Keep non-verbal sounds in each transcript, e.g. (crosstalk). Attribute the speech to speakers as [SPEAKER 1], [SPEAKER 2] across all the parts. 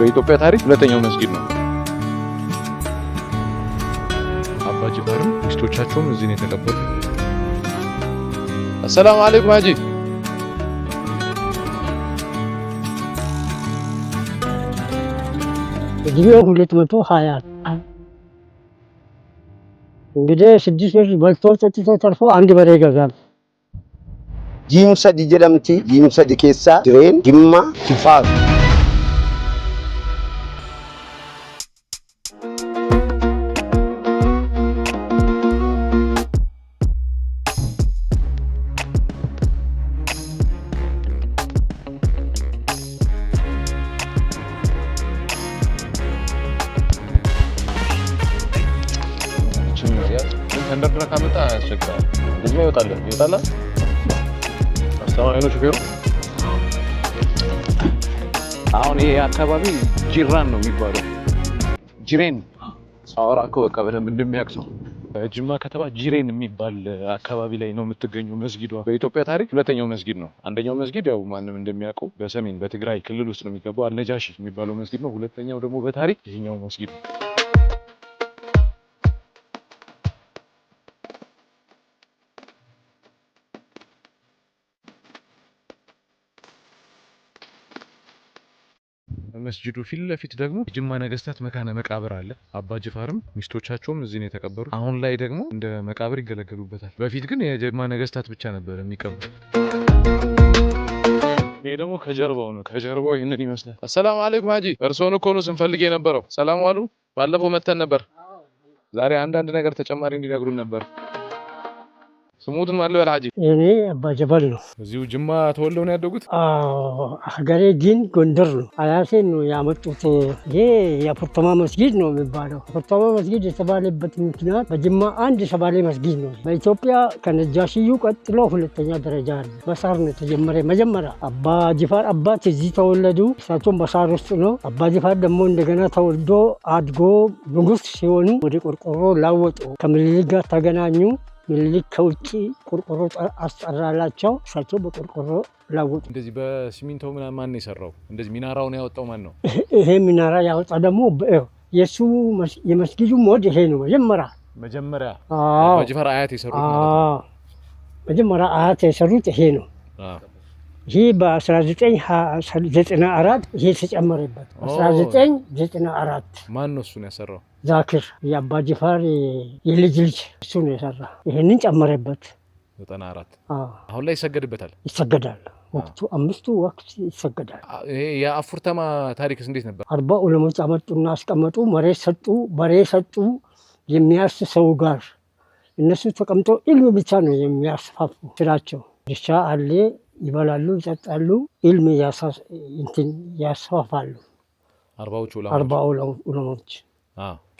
[SPEAKER 1] በኢትዮጵያ ታሪክ ሁለተኛው መስጊድ ነው። አባ ጅፋርም ሚስቶቻቸውም እዚህ ነው የተቀበሉ። አሰላሙ አለይኩም አጂ
[SPEAKER 2] እድሜው ሁለት መቶ ሀያ እንግዲህ ስድስት ወር በልቶ ጠጥቶ ተርፎ አንድ በሬ ይገዛል። ጂምሰድ ጀለምቲ ጂምሰድ ኬሳ ድሬን ግማ ኪፋር
[SPEAKER 1] ተንደርድረህ ካመጣ ያስቸግራል። ልጅማ ይወጣል ይወጣል። አስተማሪ ነው ሹፌሩ። አሁን ይሄ አካባቢ ጅራን ነው የሚባለው። ጅሬን ሳወራ እኮ በቃ በደንብ እንደሚያውቅ ሰው ጅማ ከተማ ጅሬን የሚባል አካባቢ ላይ ነው የምትገኙ። መስጊዷ በኢትዮጵያ ታሪክ ሁለተኛው መስጊድ ነው። አንደኛው መስጊድ ያው ማንም እንደሚያውቀው በሰሜን በትግራይ ክልል ውስጥ ነው የሚገባው፣ አልነጃሺ የሚባለው መስጊድ ነው። ሁለተኛው ደግሞ በታሪክ ይህኛው መስጊድ ነው። ከመስጅዱ ፊት ለፊት ደግሞ የጅማ ነገስታት መካነ መቃብር አለ። አባ ጅፋርም ሚስቶቻቸውም እዚህ ነው የተቀበሩት። አሁን ላይ ደግሞ እንደ መቃብር ይገለገሉበታል። በፊት ግን የጅማ ነገስታት ብቻ ነበር የሚቀብሩ። ይሄ ደግሞ ከጀርባው ነው። ከጀርባው ይህንን ይመስላል። አሰላሙ አለይኩም ሀጂ፣ እርስዎን እኮ ነው ስንፈልግ የነበረው። ሰላም አሉ። ባለፈው መተን ነበር። ዛሬ አንዳንድ ነገር ተጨማሪ እንዲነግሩን ነበር። ስሙትን ማለ በላጅ
[SPEAKER 2] እኔ አባ ጀበል ነው።
[SPEAKER 1] እዚሁ ጅማ ተወልደው ነው ያደጉት።
[SPEAKER 2] ሀገሬ ግን ጎንደር ነው። አያሴ ነው ያመጡት። ይሄ የአፖርቶማ መስጊድ ነው የሚባለው። አፖርቶማ መስጊድ የተባለበት ምክንያት በጅማ አንድ ሰባሌ መስጊድ ነው። በኢትዮጵያ ከነጃሽዩ ቀጥሎ ሁለተኛ ደረጃ አለ። በሳር ነው የተጀመረ። መጀመሪያ አባ ጅፋር አባት እዚህ ተወለዱ። እሳቸውን በሳር ውስጥ ነው። አባ ጅፋር ደግሞ እንደገና ተወልዶ አድጎ ንጉስ ሲሆኑ ወደ ቆርቆሮ ላወጡ ከምኒልክ ጋር ተገናኙ። ምኒልክ ከውጭ ቆርቆሮ አስጠራላቸው። እሳቸው በቆርቆሮ ላወጡ።
[SPEAKER 1] እንደዚህ በሲሚንቶ ማን የሰራው? እንደዚህ ሚናራውን ያወጣው ማን ነው?
[SPEAKER 2] ይሄ ሚናራ ያወጣ ደግሞ የእሱ የመስጊዱ ሞድ ይሄ ነው። መጀመሪያ
[SPEAKER 1] መጀመሪያ ጅፈር አያት የሰሩት
[SPEAKER 2] መጀመሪያ አያት የሰሩት ይሄ ነው። ይህ በ1994 ይሄ ተጨመረበት። 1994
[SPEAKER 1] ማን ነው እሱን ያሰራው?
[SPEAKER 2] ዛክር የአባጅፋር የልጅ ልጅ እሱ ነው የሰራ። ይህንን ጨመረበት
[SPEAKER 1] 94 አሁን ላይ ይሰገድበታል፣
[SPEAKER 2] ይሰገዳል። ወቅቱ አምስቱ ወቅት ይሰገዳል።
[SPEAKER 1] የአፉርተማ ታሪክስ እንዴት ነበር?
[SPEAKER 2] አርባ ዑለሞች አመጡና አስቀመጡ። መሬት ሰጡ፣ በሬ ሰጡ የሚያርስ ሰው ጋር እነሱ ተቀምጦ ኢልም ብቻ ነው የሚያስፋፉ ስራቸው ድርሻ አለ ይበላሉ፣ ይጠጣሉ፣ ኢልም ያስፋፋሉ። አርባው ዑለሞች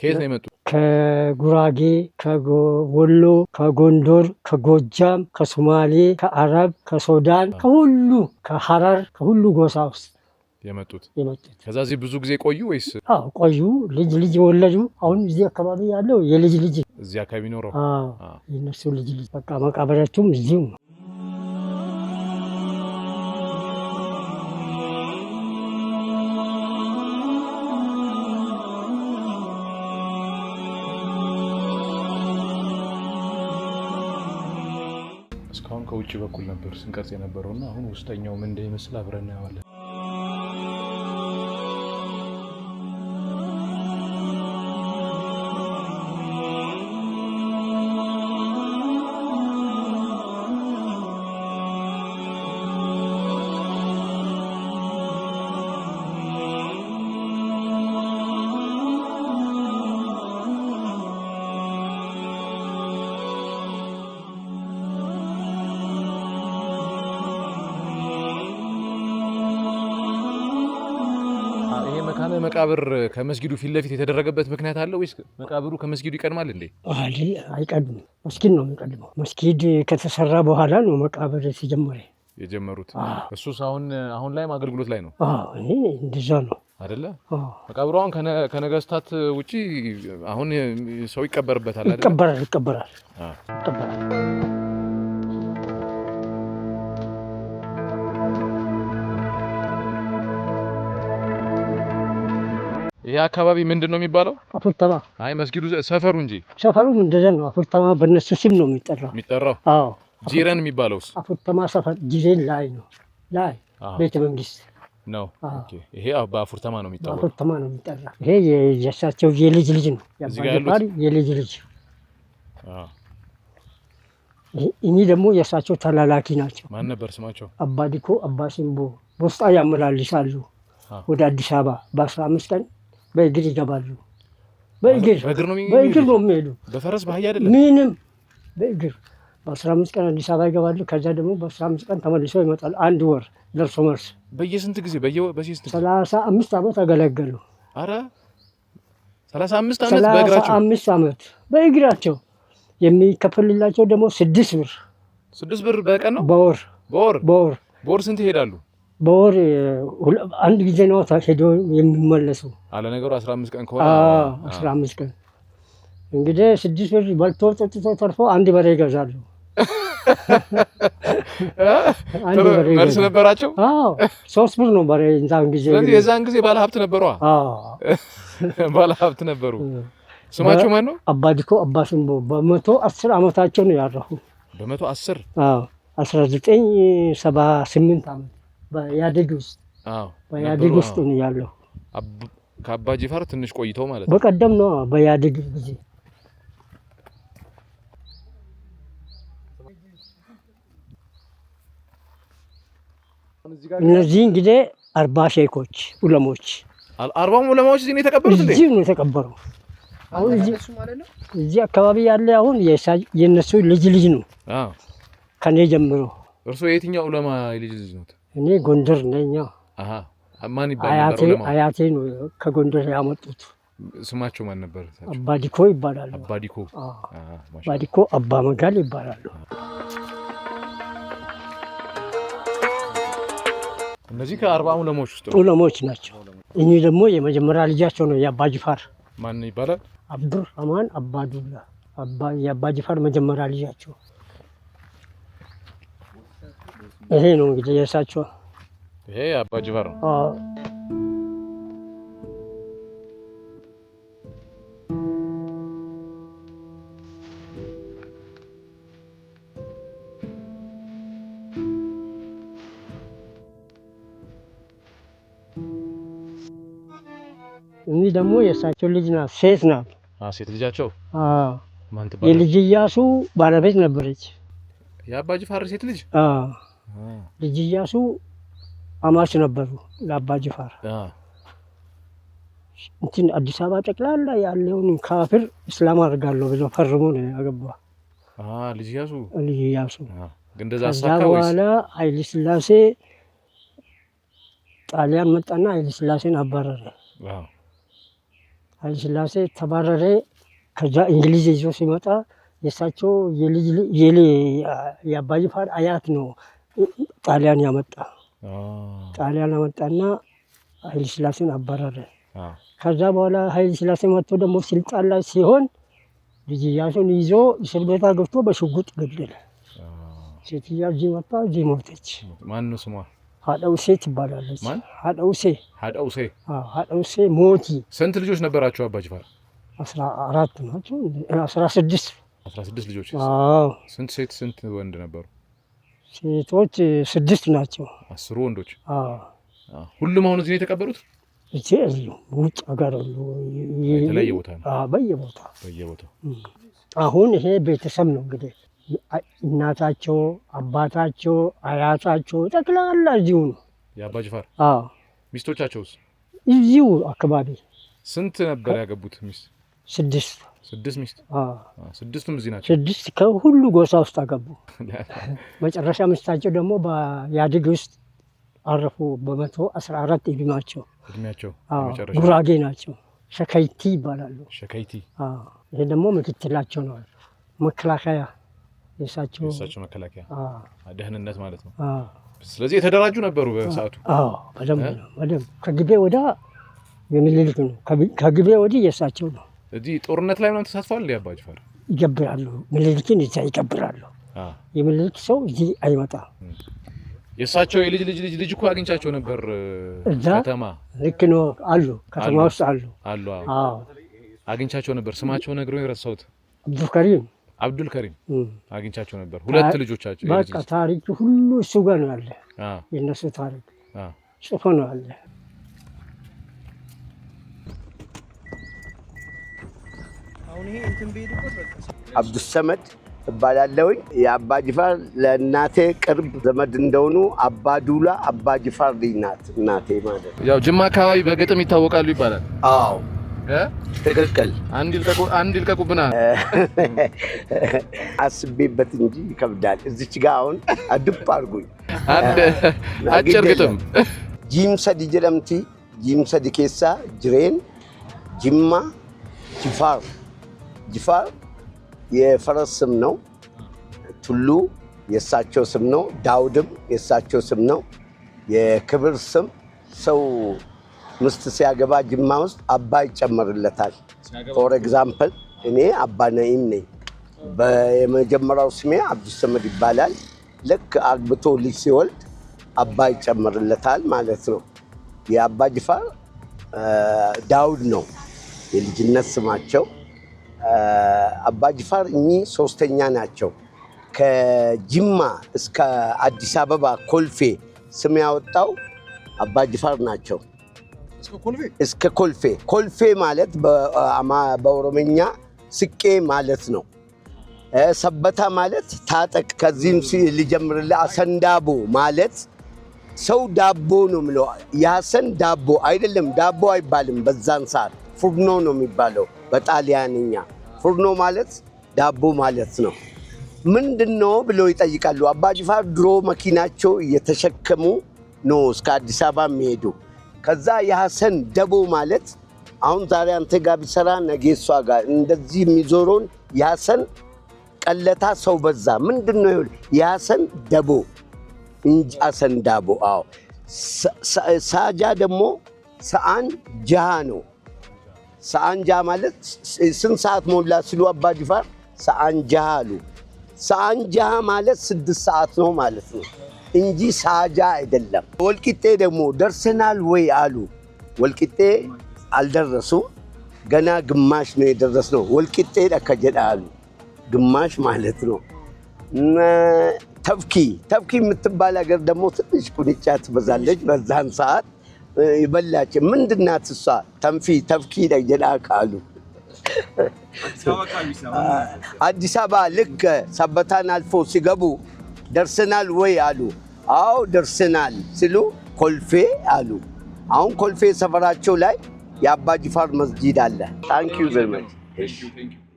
[SPEAKER 2] ከየት ነው የመጡት? ከጉራጌ፣ ከወሎ፣ ከጎንደር፣ ከጎጃም፣ ከሶማሌ፣ ከአረብ፣ ከሱዳን፣ ከሁሉ ከሐረር፣ ከሁሉ ጎሳ ውስጥ የመጡት የመጡት።
[SPEAKER 1] ከዛ እዚህ ብዙ ጊዜ ቆዩ ወይስ?
[SPEAKER 2] አዎ ቆዩ። ልጅ ልጅ ወለዱ። አሁን እዚህ አካባቢ ያለው የልጅ ልጅ
[SPEAKER 1] እዚህ አካባቢ ኖረው
[SPEAKER 2] የእነሱ ልጅ ልጅ በቃ መቃብራቸውም እዚሁ ነው።
[SPEAKER 1] በኩል ነበር ስንቀርጽ የነበረውና አሁን ውስጠኛው ምን እንደሚመስል አብረን እናየዋለን። መካነ መቃብር ከመስጊዱ ፊት ለፊት የተደረገበት ምክንያት አለ ወይስ መቃብሩ ከመስጊዱ ይቀድማል እንዴ?
[SPEAKER 2] አይቀድም። መስጊድ ነው የሚቀድመው። መስጊድ ከተሰራ በኋላ ነው መቃብር ሲጀመረ
[SPEAKER 1] የጀመሩት። እሱስ አሁን አሁን ላይም አገልግሎት ላይ ነው። እንደዛ ነው አደለ? መቃብሩ አሁን ከነገስታት ውጪ አሁን ሰው ይቀበርበታል።
[SPEAKER 2] ይቀበራል፣ ይቀበራል፣ ይቀበራል።
[SPEAKER 1] ይሄ አካባቢ ምንድን ነው የሚባለው? አፍርተማ። አይ መስጊዱ ሰፈሩ እንጂ
[SPEAKER 2] ሰፈሩ እንደዛ ነው። አፍርተማ በነሱ ስም ነው የሚጠራው የሚጠራው። አዎ።
[SPEAKER 1] ጂረን የሚባለውስ?
[SPEAKER 2] አፍርተማ ሰፈር ጂሬን ላይ ነው ላይ ቤተ መንግስት
[SPEAKER 1] ነው። ኦኬ። ይሄ በአፍርተማ ነው የሚጠራው።
[SPEAKER 2] አፍርተማ ነው የሚጠራው። ይሄ የእሳቸው የልጅ ልጅ ነው ያባሪ የልጅ ልጅ። አዎ። እኚህ ደግሞ የእሳቸው ተላላኪ ናቸው።
[SPEAKER 1] ማን ነበር ስማቸው?
[SPEAKER 2] አባዲኮ አባሲምቦ በውስጣ ያመላልሳሉ ወደ አዲስ አበባ በአስራ አምስት ቀን በእግር ይገባሉ። በእግር በእግር ነው የሚሄዱ።
[SPEAKER 1] በፈረስ ባህያ አይደለም
[SPEAKER 2] ምንም በእግር በአስራ አምስት ቀን አዲስ አበባ ይገባሉ። ከዛ ደግሞ በአስራ አምስት ቀን ተመልሰው ይመጣሉ። አንድ ወር ደርሶ መልስ በየስንት ጊዜ ሰላሳ አምስት ዓመት አገለገሉ።
[SPEAKER 1] ኧረ ሰላሳ አምስት ዓመት
[SPEAKER 2] በእግራቸው አምስት ዓመት በእግራቸው የሚከፈልላቸው ደግሞ ስድስት ብር
[SPEAKER 1] ስድስት ብር በቀን ነው በወር በወር በወር በወር ስንት ይሄዳሉ?
[SPEAKER 2] በወር አንድ ጊዜ ነው ሄዶ የሚመለሱ
[SPEAKER 1] አለ ነገሩ። አስራ አምስት ቀን ከሆነ
[SPEAKER 2] አስራ አምስት ቀን እንግዲህ ስድስት ብር በልቶ ጠጥቶ ተርፎ አንድ በሬ ይገዛሉ።
[SPEAKER 1] መልስ ነበራቸው።
[SPEAKER 2] ሶስት ብር ነው በሬ እዛን ጊዜ።
[SPEAKER 1] ስለዚህ የዛን ጊዜ ባለ ሀብት (laughs) ነበሩ፣ ባለ ሀብት ነበሩ። ስማቸው ማን ነው?
[SPEAKER 2] አባዲኮ አባስንቦ በመቶ አስር አመታቸው ነው ያረፉ።
[SPEAKER 1] በመቶ አስር
[SPEAKER 2] አስራ ዘጠኝ ሰባ ስምንት ዓመት በኢህአዴግ ውስጥ በኢህአዴግ ውስጥ ነው ያለው።
[SPEAKER 1] ከአባ ጅፋር ትንሽ ቆይተው ማለት
[SPEAKER 2] ነው። በቀደም ነው በኢህአዴግ ጊዜ እነዚህ እንግዲህ አርባ ሼኮች ኡለሞች
[SPEAKER 1] አርባ ኡለማዎች እዚህ ነው የተቀበሩት።
[SPEAKER 2] እዚህ ነው የተቀበሩ። አሁን እዚህ አካባቢ ያለ አሁን የእነሱ ልጅ ልጅ ነው ከኔ ጀምሮ።
[SPEAKER 1] እርስዎ የትኛው ኡለማ ልጅ ልጅ ነው?
[SPEAKER 2] እኔ ጎንደር ነኝ።
[SPEAKER 1] ማን ይባላል?
[SPEAKER 2] አያቴ ነው ከጎንደር ያመጡት።
[SPEAKER 1] ስማቸው ማን ነበር?
[SPEAKER 2] አባዲኮ ይባላሉ። አባዲኮ አባዲኮ አባ መጋል ይባላሉ።
[SPEAKER 1] እነዚህ ከአርባ ዑለሞች ውስጥ
[SPEAKER 2] ዑለሞች ናቸው። እኚህ ደግሞ የመጀመሪያ ልጃቸው ነው። የአባጅፋር ማን ይባላል? አብዱር አማን አባዱላ የአባጅፋር መጀመሪያ ልጃቸው ይሄ ነው እንግዲህ የእርሳቸው
[SPEAKER 1] ይሄ አባ ጅፋር ነው።
[SPEAKER 2] እኒህ ደግሞ የእርሳቸው ልጅ ናት፣ ሴት ናት። ሴት ልጃቸው የልጅ እያሱ ባለቤት ነበረች።
[SPEAKER 1] የአባ ጅፋር ሴት ልጅ
[SPEAKER 2] ልጅ እያሱ አማች ነበሩ ለአባ ጅፋር እንትን አዲስ አበባ ጠቅላላ ያለውን ካፍር እስላም አድርጋለሁ ብሎ ፈርሞ ነው ያገባ ልጅ እያሱ ልጅ እያሱ። ከዛ በኋላ ኃይለ ሥላሴ ጣሊያን መጣና ኃይለ ሥላሴን አባረረ። ኃይለ ሥላሴ ተባረረ። ከዛ እንግሊዝ ይዞ ሲመጣ የእሳቸው የአባ ጅፋር አያት ነው ጣሊያን ያመጣ ጣሊያን አመጣና ኃይለ ሥላሴን አባረረ። ከዛ በኋላ ኃይለ ሥላሴ መጥቶ ደግሞ ስልጣን ላይ ሲሆን ልጅ ኢያሱን ይዞ እስር ቤት ገብቶ በሽጉጥ ገደለ። ሴትያ እዚህ መጣ፣ እዚህ ሞተች። ማን ስሟ ሀደውሴ ትባላለች። ሀደውሴ ሀደውሴ ሀደውሴ ሞቲ።
[SPEAKER 1] ስንት ልጆች ነበራቸው አባ ጅፋር?
[SPEAKER 2] አስራ አራት ናቸው። አስራ ስድስት
[SPEAKER 1] አስራ ስድስት ልጆች። ስንት ሴት ስንት ወንድ ነበሩ?
[SPEAKER 2] ሴቶች ስድስት ናቸው፣
[SPEAKER 1] አስሩ ወንዶች። ሁሉም አሁን እዚህ ነው የተቀበሩት?
[SPEAKER 2] እዚህ ውጭ ሀገር አሉ፣
[SPEAKER 1] የተለያየ ቦታ ነው፣ በየቦታ በየቦታ።
[SPEAKER 2] አሁን ይሄ ቤተሰብ ነው እንግዲህ እናታቸው፣ አባታቸው፣ አያታቸው ጠቅላላ እዚሁ ነው።
[SPEAKER 1] የአባ ጅፋር ሚስቶቻቸውስ
[SPEAKER 2] እዚሁ አካባቢ።
[SPEAKER 1] ስንት ነበር ያገቡት ሚስት? ስድስት ስድስት ሚስት ስድስቱም እዚህ ናቸው።
[SPEAKER 2] ስድስት ከሁሉ ጎሳ ውስጥ አገቡ። (laughs) መጨረሻ ምስታቸው ደግሞ በያድግ ውስጥ አረፉ። በመቶ አስራ አራት እድሜያቸው እድሜያቸው ጉራጌ ናቸው። ሸከይቲ ይባላሉ። ሸከይቲ ይሄ ደግሞ ምክትላቸው ነው። መከላከያ የእሳቸው
[SPEAKER 1] መከላከያ ደህንነት ማለት ነው። ስለዚህ የተደራጁ ነበሩ በሰዓቱ
[SPEAKER 2] በደንብ በደንብ ከግቤ ወዳ የሚልልቱ ነው። ከግቤ ወዲህ የእሳቸው ነው።
[SPEAKER 1] እዚህ ጦርነት ላይ ምናምን ተሳትፏል? አባ ጅፋር
[SPEAKER 2] ይገብራሉ። ምኒልክን እዛ ይገብራሉ። የምልልክ ሰው እዚህ አይመጣም።
[SPEAKER 1] የእሳቸው የልጅ ልጅ ልጅ ልጅ እኮ አግኝቻቸው ነበር እዛ ከተማ።
[SPEAKER 2] ልክ ነው አሉ፣ ከተማ ውስጥ አሉ
[SPEAKER 1] አሉ። አዎ አግኝቻቸው ነበር። ስማቸው ነግሮ ረሳሁት። አብዱልከሪም አብዱልከሪም አግኝቻቸው ነበር። ሁለት ልጆቻቸው
[SPEAKER 2] በቃ ታሪክ ሁሉ እሱ ጋር ነው ያለ። የእነሱ ታሪክ ጽፎ ነው ያለ። አብዱሰመድ እባላለሁኝ። የአባ ጅፋር ለእናቴ ቅርብ ዘመድ እንደሆኑ አባ ዱላ፣ አባ ጅፋር እናቴ ማለት
[SPEAKER 1] ነው። ያው ጅማ አካባቢ በግጥም ይታወቃሉ ይባላል።
[SPEAKER 2] አዎ ትክክል።
[SPEAKER 1] አንድ ይልቀቁብና
[SPEAKER 2] (laughs) አስቤበት እንጂ ይከብዳል። እዚች ጋ አሁን አድብ አድርጉኝ። አጭር ግጥም ጂምሰዲ ጀለምቲ ጂምሰዲ ኬሳ ጅሬን ጅማ ጅፋር ጅፋር የፈረስ ስም ነው። ቱሉ የእሳቸው ስም ነው። ዳውድም የእሳቸው ስም ነው። የክብር ስም ሰው ምስት ሲያገባ ጅማ ውስጥ አባ ይጨመርለታል። ፎር ኤግዛምፕል እኔ አባ ነኢም ነኝ። የመጀመሪያው ስሜ አብዱሰመድ ይባላል። ልክ አግብቶ ልጅ ሲወልድ አባ ይጨመርለታል ማለት ነው። የአባ ጅፋር ዳውድ ነው የልጅነት ስማቸው። አባጅፋር እኚህ ሶስተኛ ናቸው። ከጅማ እስከ አዲስ አበባ ኮልፌ ስም ያወጣው አባጅፋር ናቸው። እስከ ኮልፌ ኮልፌ ማለት በኦሮምኛ ስቄ ማለት ነው። ሰበታ ማለት ታጠቅ። ከዚህም ልጀምርልህ። አሰንዳቦ ማለት ሰው ዳቦ ነው የሚለው። የሀሰን ዳቦ አይደለም፣ ዳቦ አይባልም። በዛን ሰዓት ፉርኖ ነው የሚባለው። በጣሊያንኛ ፉርኖ ማለት ዳቦ ማለት ነው። ምንድን ነው ብለው ይጠይቃሉ። አባጅፋር ድሮ መኪናቸው እየተሸከሙ ነው እስከ አዲስ አበባ የሚሄዱ። ከዛ የሐሰን ደቦ ማለት አሁን ዛሬ አንተ ጋር ቢሰራ ነጌሷ ጋር እንደዚህ የሚዞረውን የሐሰን ቀለታ ሰው በዛ ምንድን ነው የሐሰን ደቦ እንጂ ሐሰን ዳቦ። አዎ ሳጃ ደግሞ ሰአን ጃሃ ነው ሰአንጃ ማለት ስንት ሰዓት ሞላ ሲሉ አባጅፋር ሰአንጃ አሉ። ሰአንጃ ማለት ስድስት ሰዓት ነው ማለት ነው እንጂ ሳጃ አይደለም። ወልቂጤ ደግሞ ደርሰናል ወይ አሉ። ወልቂጤ አልደረሱ ገና ግማሽ ነው የደረስ ነው። ወልቂጤ ለከጀዳ አሉ፣ ግማሽ ማለት ነው። ተብኪ ተብኪ የምትባል ሀገር ደግሞ ትንሽ ቁንጫ ትበዛለች በዛን ሰዓት በላች። ምንድናት እሷ? ተንፊ ተፍኪ ላይ ጀዳ ቃሉ አዲስ አበባ ልክ ሰበታን አልፎ ሲገቡ ደርሰናል ወይ አሉ። አዎ ደርሰናል ሲሉ ኮልፌ አሉ። አሁን ኮልፌ ሰፈራቸው ላይ የአባጅፋር ጅፋር መስጂድ አለ። ታንኪዩ ቨሪ ማች